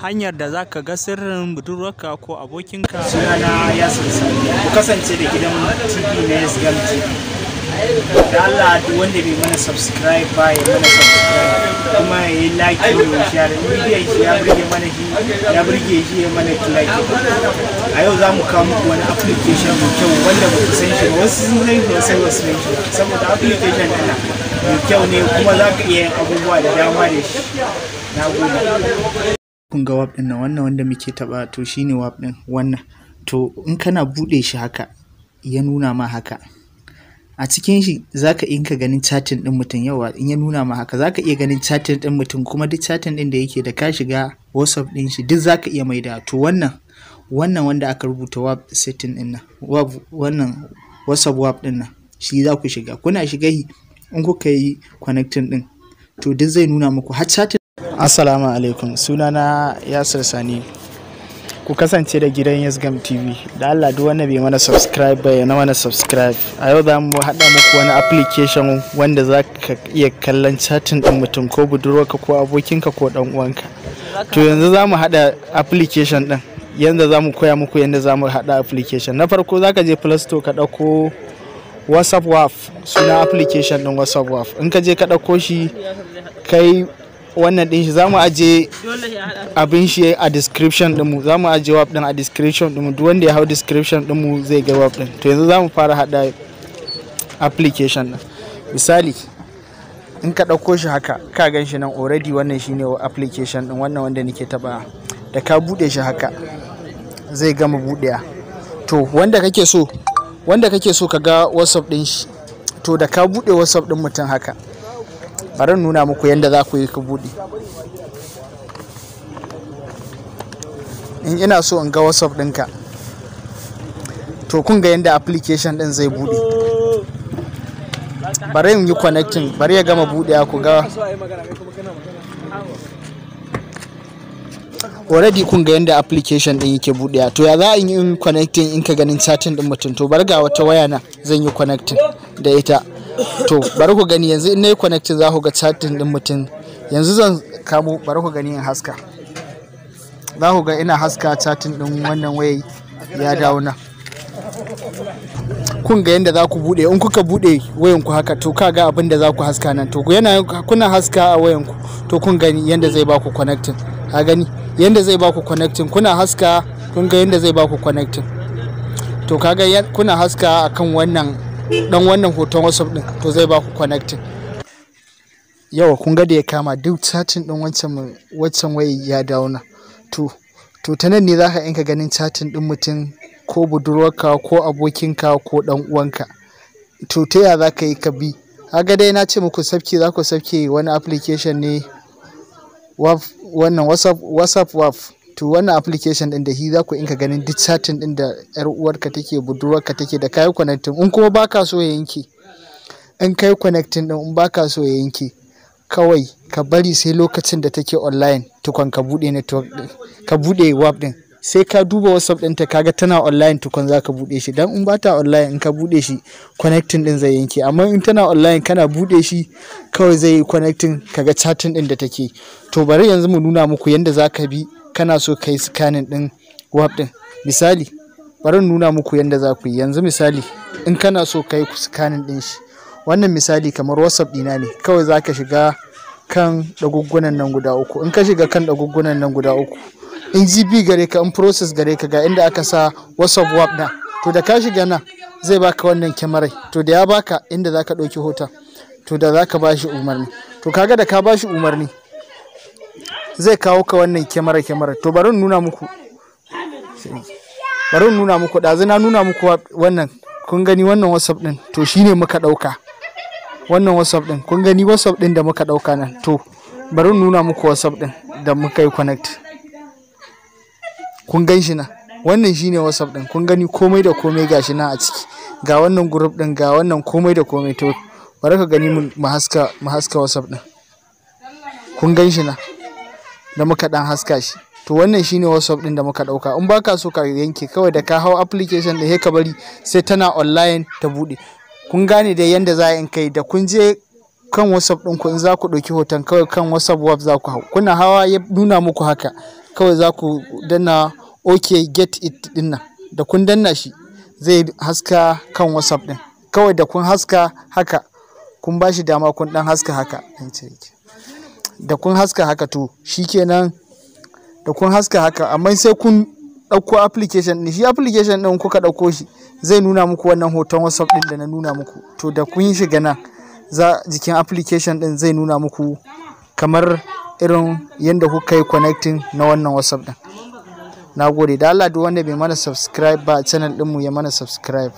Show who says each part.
Speaker 1: hanyar da za ka ga sirrin budurwarka ko abokinka na ya sunsa ku kasance da gidan tv na yasgal tv da Allah duk wanda bai mana subscribe ba ya mana subscribe kuma ya yi like ya share shi ya burge mana shi ya burge shi ya mana like a yau za mu kawo muku wani application mai kyau wanda ba ku san shi ba wasu sun san shi sai wasu san saboda application ɗin mai kyau ne kuma za ka iya yin abubuwa da dama da shi na gode kun ga wap ɗin na wannan wanda muke taɓa to shine wap ɗin wannan to in kana buɗe shi haka ya nuna ma haka a cikin shi zaka inka ganin chatting din mutum yawa in ya nuna ma haka zaka iya ganin chatting din mutum kuma duk chatting din da yake da ka shiga whatsapp din shi duk zaka iya maida to wannan wannan wanda aka rubuta wap setting din nan wap wannan whatsapp wap din nan shi za ku shiga kuna shiga in kuka yi connecting din to duk zai nuna muku har chatting Assalamu alaikum sunana Yasir Sani ku kasance da gidan Yasgam TV da Allah duk wanda bai mana subscribe ba na mana subscribe a yau za mu haɗa muku wani application wanda za ka iya kallon chatin ɗin mutum ko budurwarka ko abokinka ko ɗan uwanka to yanzu za mu haɗa application ɗin yanda za mu koya muku yanda za mu haɗa application na farko za ka je play store ka ɗauko whatsapp waf suna application ɗin whatsapp waf in ka je ka ɗauko shi kai wannan din shi za mu aje abin shi a description din mu za mu aje wap din a description din mu duk wanda ya hau description din mu zai ga wap din to yanzu za mu fara hada application din misali in ka ɗauko shi haka ka gan shi nan already wannan shine application din wannan wanda nake taba da ka bude shi haka zai gama budewa to wanda kake so wanda kake so ka ga whatsapp din shi to da ka bude whatsapp din mutum haka bari nuna muku yadda za ku yi ku buɗe in ina so in ga whatsapp ɗinka to kun ga yadda application ɗin zai buɗe bari in yi connecting bari ya gama buɗewa ku ga already kun ga yadda application din yake buɗewa to ya za in yi connecting in ka ganin chatting din mutum to bar ga wata waya na zan yi connecting da ita to bari ku gani yanzu in na yi connecting za ku ga chatting din mutum yanzu zan kamo bari ku gani in haska za ku ga ina haska chatting din wannan waye ya dawo na kun ga yadda za ku bude in kuka bude wayan ku haka to ka ga abin da za ku haska nan to yana kuna haska a wayan ku to kun gani yadda zai ba ku connecting ka gani yadda zai ba ku connecting kuna haska kun ga yadda zai ba ku connecting to kaga kuna haska akan wannan dan wannan hoton whatsapp din to zai baku ku connecting yawa kun ga da ya kama duk chatin din wancan wancan waye ya dauna to to ta nan ne za ka yanka ganin chatin din mutum ko budurwarka ko abokinka ko dan uwanka to ta ya za ka yi ka bi haka dai na ce muku sabki za ku sabke wani application ne wannan whatsapp whatsapp to wannan application din da shi za ku inka ganin duk satin din da yar uwarka take budurwarka take da kai connecting in kuma baka so ya yanke in kai connecting din in baka so ya yanke kawai ka bari sai lokacin da take online tukun ka bude network din ka bude web din sai ka duba whatsapp ɗinta kaga tana online tukun za ka buɗe shi dan in ba ta online in ka buɗe shi connecting ɗin zai yanke amma in tana online kana buɗe shi kawai zai yi connecting kaga chatting ɗin da take to bari yanzu mu nuna muku yadda za ka bi kana so ka yi sikanin ɗin wap ɗin misali barin nuna muku yadda za ku yi yanzu misali in kana so ka yi sikanin ɗin shi wannan misali kamar whatsapp ɗina ne kawai za ka shiga kan dagugunan nan guda uku in ka shiga kan dagugunan nan guda uku in gb gare ka in process gare ka ga inda aka sa whatsapp wap na to da ka shiga nan zai baka wannan kyamarai to da ya baka inda za ka ɗauki hoton to da za ka ba shi umarni to kaga da ka ba shi umarni zai kawo ka wannan kyamara kyamara to bari nuna muku bari nuna muku ɗazu na nuna muku wannan kun gani wannan whatsapp ɗin to shine muka ɗauka wannan whatsapp ɗin kun gani whatsapp ɗin da muka ɗauka nan to bari nuna muku whatsapp ɗin da muka yi connect kun gan shi nan wannan shine whatsapp ɗin kun gani komai da komai gashi nan a ciki ga wannan group ɗin ga wannan komai da komai to bari ka gani mu haska mu haska whatsapp ɗin kun gan shi nan da muka dan haska shi to wannan shine whatsapp din da muka dauka in baka so ka yanke kawai da ka hau application da ka bari sai tana online ta bude kun gane da yanda za in kai da kun je kan whatsapp din ku in za ku dauki hoton kawai kan whatsapp web za ku hau kuna hawa ya nuna muku haka kawai za ku danna ok get it dinnan da kun danna shi zai haska kan whatsapp din kawai da kun haska haka kun ba dama kun dan haska haka in ce da kun haska haka to shi kenan da kun haska haka amma sai kun ɗauko application ɗin shi application ɗin kuka ɗauko shi zai nuna muku wannan hoton whatsapp ɗin da na nuna muku to da kun shiga nan za jikin application ɗin zai nuna muku kamar irin yadda kuka yi connecting na wannan whatsapp ɗin na gode da allah duk wanda bai mana subscribe ba channel mu ya mana subscribe